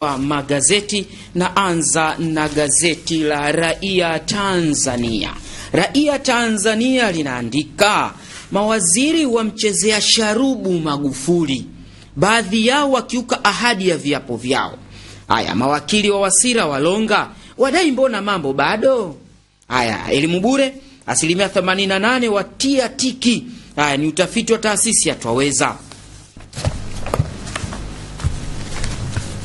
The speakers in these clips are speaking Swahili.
wa magazeti na anza na gazeti la Raia Tanzania. Raia Tanzania linaandika mawaziri wamchezea sharubu Magufuli, baadhi yao wakiuka ahadi ya viapo vyao. aya mawakili wa Wasira walonga wadai mbona mambo bado. aya elimu bure asilimia 88 watia tiki. aya ni utafiti wa taasisi ya Twaweza.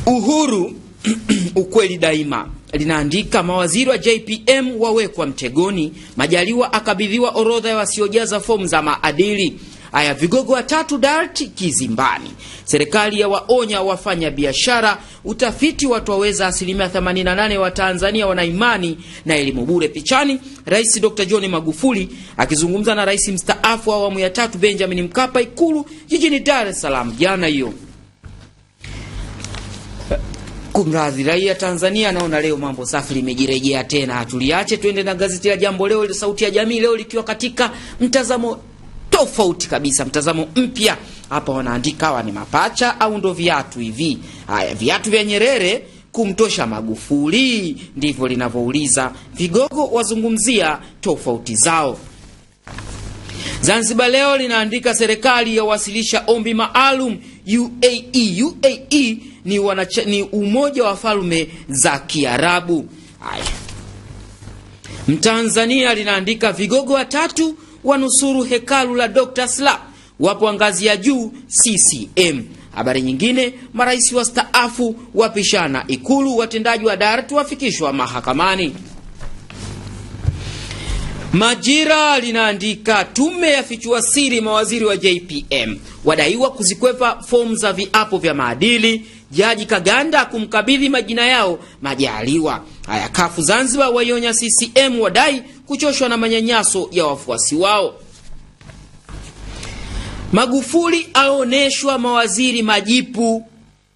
Uhuru ukweli daima linaandika mawaziri wa JPM wawekwa mtegoni, Majaliwa akabidhiwa orodha ya wasiojaza fomu za maadili. Haya, vigogo watatu DART kizimbani. Serikali ya waonya wafanya biashara. Utafiti watu waweza asilimia 88 wa Tanzania wana imani na elimu bure. Pichani Rais Dr. John Magufuli akizungumza na rais mstaafu wa awamu ya tatu Benjamin Mkapa Ikulu jijini Dar es Salaam jana hiyo Kumradhi, raia Tanzania naona leo mambo safi, limejirejea tena. Tuliache twende na gazeti la Jambo Leo, sauti ya jamii, leo likiwa katika mtazamo tofauti kabisa, mtazamo mpya. Hapa wanaandika hawa ni mapacha au ndo viatu hivi? Haya, viatu vya Nyerere kumtosha Magufuli, ndivyo linavyouliza. Vigogo wazungumzia tofauti zao. Zanzibar Leo linaandika serikali yawasilisha ombi maalum UAE, UAE ni, wanacha, ni umoja wa falme za Kiarabu. Haya, Mtanzania linaandika vigogo watatu wanusuru hekalu la Dr. Sla, wapo ngazi ya juu CCM. Habari nyingine, marais wastaafu wapishana Ikulu, watendaji wa DART wafikishwa mahakamani. Majira linaandika tume yafichua siri mawaziri wa JPM, wadaiwa kuzikwepa fomu za viapo vya maadili. Jaji Kaganda kumkabidhi majina yao Majaliwa. Haya, kafu Zanzibar waionya CCM wadai kuchoshwa na manyanyaso ya wafuasi wao. Magufuli aoneshwa mawaziri majipu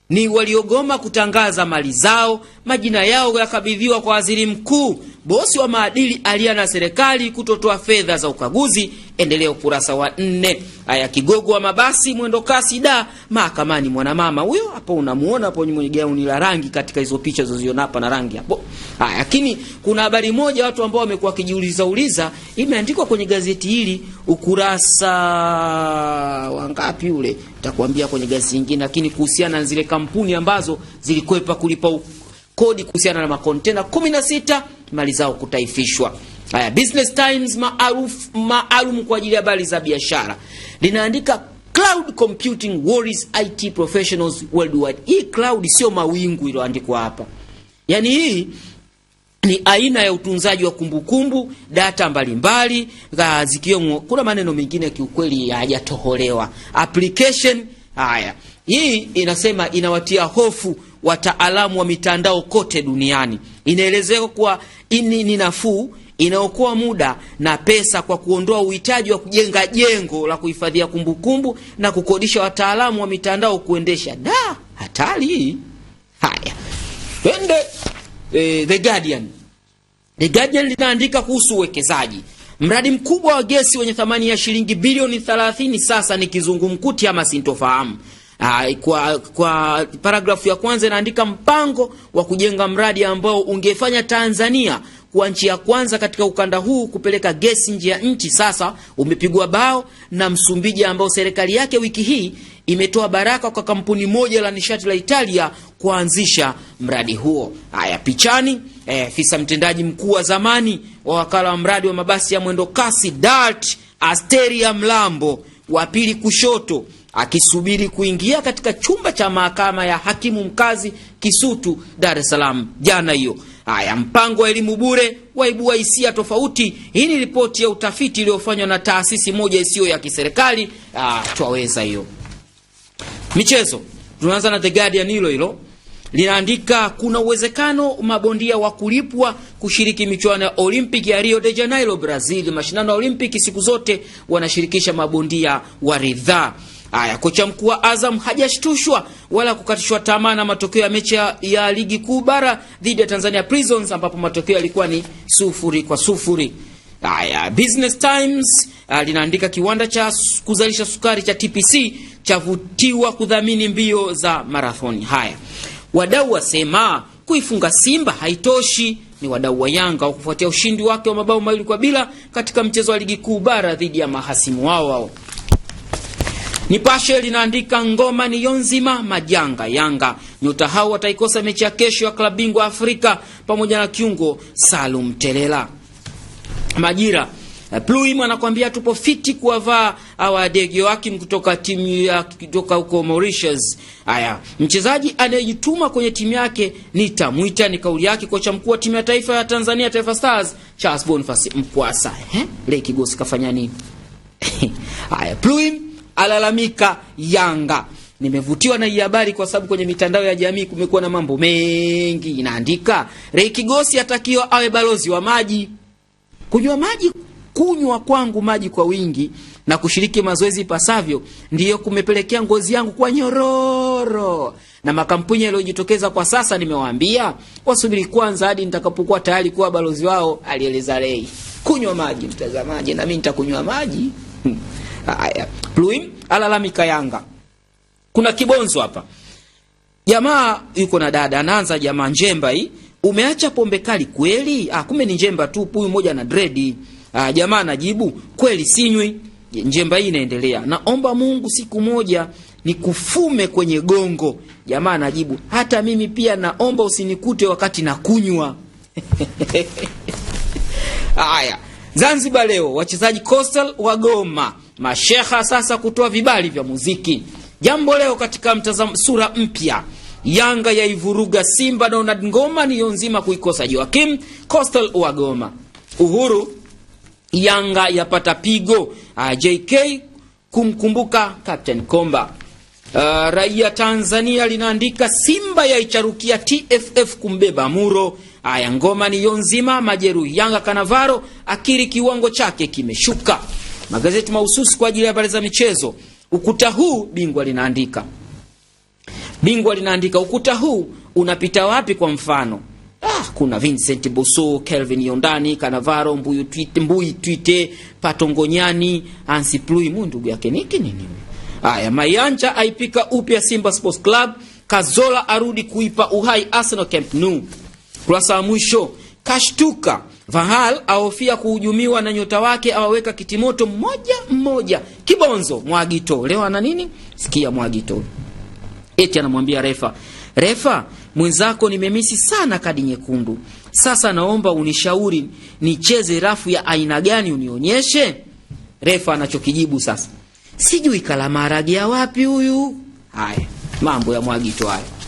ni waliogoma kutangaza mali zao, majina yao yakabidhiwa kwa waziri mkuu bosi wa maadili alia na serikali kutotoa fedha za ukaguzi. Endelea ukurasa wa nne. Aya, kigogo wa mabasi mwendo kasi da mahakamani, mwanamama huyo hapo unamuona hapo mwenye gauni la rangi katika hizo picha zoziona hapa na rangi hapo. Haya, lakini kuna habari moja watu ambao wamekuwa kijiuliza uliza, imeandikwa kwenye gazeti hili ukurasa wangapi ule, nitakwambia kwenye gazeti nyingine, lakini kuhusiana na zile kampuni ambazo zilikwepa kulipa u kodi kuhusiana na makontena 16 mali zao kutaifishwa. Haya, Business Times maarufu maalum kwa ajili ya habari za biashara linaandika Cloud computing worries IT professionals worldwide. Hii cloud sio mawingu iliyoandikwa hapa, yani hii ni aina ya utunzaji wa kumbukumbu kumbu, data mbalimbali zikiwemo, kuna maneno mengine kiukweli hayajatoholewa application. Haya, hii inasema inawatia hofu wataalamu wa mitandao kote duniani. inaelezewa kuwa ini ni nafuu inaokoa muda na pesa kwa kuondoa uhitaji wa kujenga jengo la kuhifadhia kumbukumbu na kukodisha wataalamu wa mitandao kuendesha. Da, hatari hii! Haya, twende e, The Guardian. The Guardian linaandika kuhusu uwekezaji. Mradi mkubwa wa gesi wenye thamani ya shilingi bilioni 30 sasa ni kizungumkuti ama sintofahamu. Aa, ah, kwa, kwa paragrafu ya kwanza inaandika mpango wa kujenga mradi ambao ungefanya Tanzania kuwa nchi ya kwanza katika ukanda huu kupeleka gesi nje ya nchi, sasa umepigwa bao na Msumbiji, ambao serikali yake wiki hii imetoa baraka kwa kampuni moja la nishati la Italia kuanzisha mradi huo. Haya, pichani eh, afisa mtendaji mkuu wa zamani wa wakala wa mradi wa mabasi ya mwendo kasi DART Asteria Mlambo wa pili kushoto akisubiri kuingia katika chumba cha mahakama ya hakimu mkazi Kisutu, Dar es Salaam jana hiyo. Haya, mpango wa elimu bure waibua hisia tofauti. Hii ni ripoti ya utafiti iliyofanywa na taasisi moja isiyo ya kiserikali ah, Twaweza. Hiyo michezo, tunaanza na The Guardian, hilo hilo linaandika kuna uwezekano mabondia wa kulipwa kushiriki michuano ya Olympic ya Rio de Janeiro, Brazil. Mashindano ya Olympic siku zote wanashirikisha mabondia wa ridhaa. Aya, kocha mkuu wa Azam hajashtushwa wala kukatishwa tamaa na matokeo ya mechi ya, ligi kuu bara dhidi ya Tanzania Prisons ambapo matokeo yalikuwa ni sufuri kwa sufuri. Aya, Business Times ah, linaandika kiwanda cha kuzalisha sukari cha TPC chavutiwa kudhamini mbio za marathoni. Haya, wadau wasema kuifunga Simba haitoshi ni wadau wa Yanga kufuatia ushindi wake wa mabao mawili kwa bila katika mchezo wa ligi kuu bara dhidi ya mahasimu wao wao. Nipashe linaandika ngoma ni yonzima majanga Yanga, nyota hao wataikosa mechi ya kesho ya klabu bingwa Afrika pamoja na kiungo Salum Telela. Majira eh, Pluim anakwambia tupo fiti kuwavaa awa Degoakim kutoka timu ya kutoka huko Mauritius. Haya, mchezaji anayejituma kwenye timu yake nitamwita, ni kauli yake kocha mkuu wa timu ya taifa ya Tanzania Taifa Stars Charles Boniface Mkwasa. Eh, leo kafanya nini? Haya, Pluim alalamika Yanga. Nimevutiwa na hii habari kwa sababu kwenye mitandao ya jamii kumekuwa na mambo mengi, inaandika rekigosi atakiwa awe balozi wa maji, kunywa maji, kunywa kwangu maji kwa wingi na kushiriki mazoezi pasavyo ndiyo kumepelekea ngozi yangu kwa nyororo. Na makampuni yaliyojitokeza kwa sasa, nimewaambia wasubiri kwanza hadi nitakapokuwa tayari kuwa balozi wao, alieleza Ray. Kunywa maji, mtazamaji, nami nitakunywa maji Haya, Pluim alalamika Yanga. Kuna kibonzo hapa, jamaa yuko na dada, anaanza jamaa, njemba hii, umeacha pombe kali kweli? Ah, kumbe ni njemba tu, huyu mmoja na dredi. Ah, jamaa anajibu kweli, sinywi. Njemba hii inaendelea, naomba Mungu siku moja nikufume kwenye gongo. Jamaa anajibu hata mimi pia, naomba usinikute wakati nakunywa. Haya, Zanzibar leo wachezaji Coastal wagoma masheha sasa kutoa vibali vya muziki. Jambo Leo katika mtazamo, sura mpya. Yanga yaivuruga Simba. Donald Ngoma niyo nzima kuikosa Joakim Coastal wagoma. Uhuru Yanga yapata pigo. uh, ah, JK kumkumbuka Captain Komba. Uh, Raia Tanzania linaandika Simba yaicharukia TFF kumbeba Muro. Aya, Ngoma niyo nzima majeruhi. Yanga Kanavaro akiri kiwango chake kimeshuka magazeti mahususi kwa ajili ya habari za michezo. Ukuta huu bingwa linaandika, bingwa linaandika ukuta huu unapita wapi? Kwa mfano ah, kuna Vincent Boso, Kelvin Yondani, Kanavaro, Mbuyu Twite, Mbuyi Twite, Patongonyani, Ansi Plui, mu ndugu yake niki nini? aya Mayanja aipika upya Simba Sports Club, Kazola arudi kuipa uhai Arsenal Camp nu Kurasa wa mwisho kashtuka Vahal ahofia kuhujumiwa na nyota wake, awaweka kitimoto mmoja mmoja. Kibonzo Mwagito leo ana nini? Sikia Mwagito eti anamwambia refa, refa mwenzako, nimemisi sana kadi nyekundu, sasa naomba unishauri nicheze rafu ya aina gani, unionyeshe. Refa anachokijibu sasa, sijui kala maharage ya wapi huyu. Haya mambo ya Mwagito haya.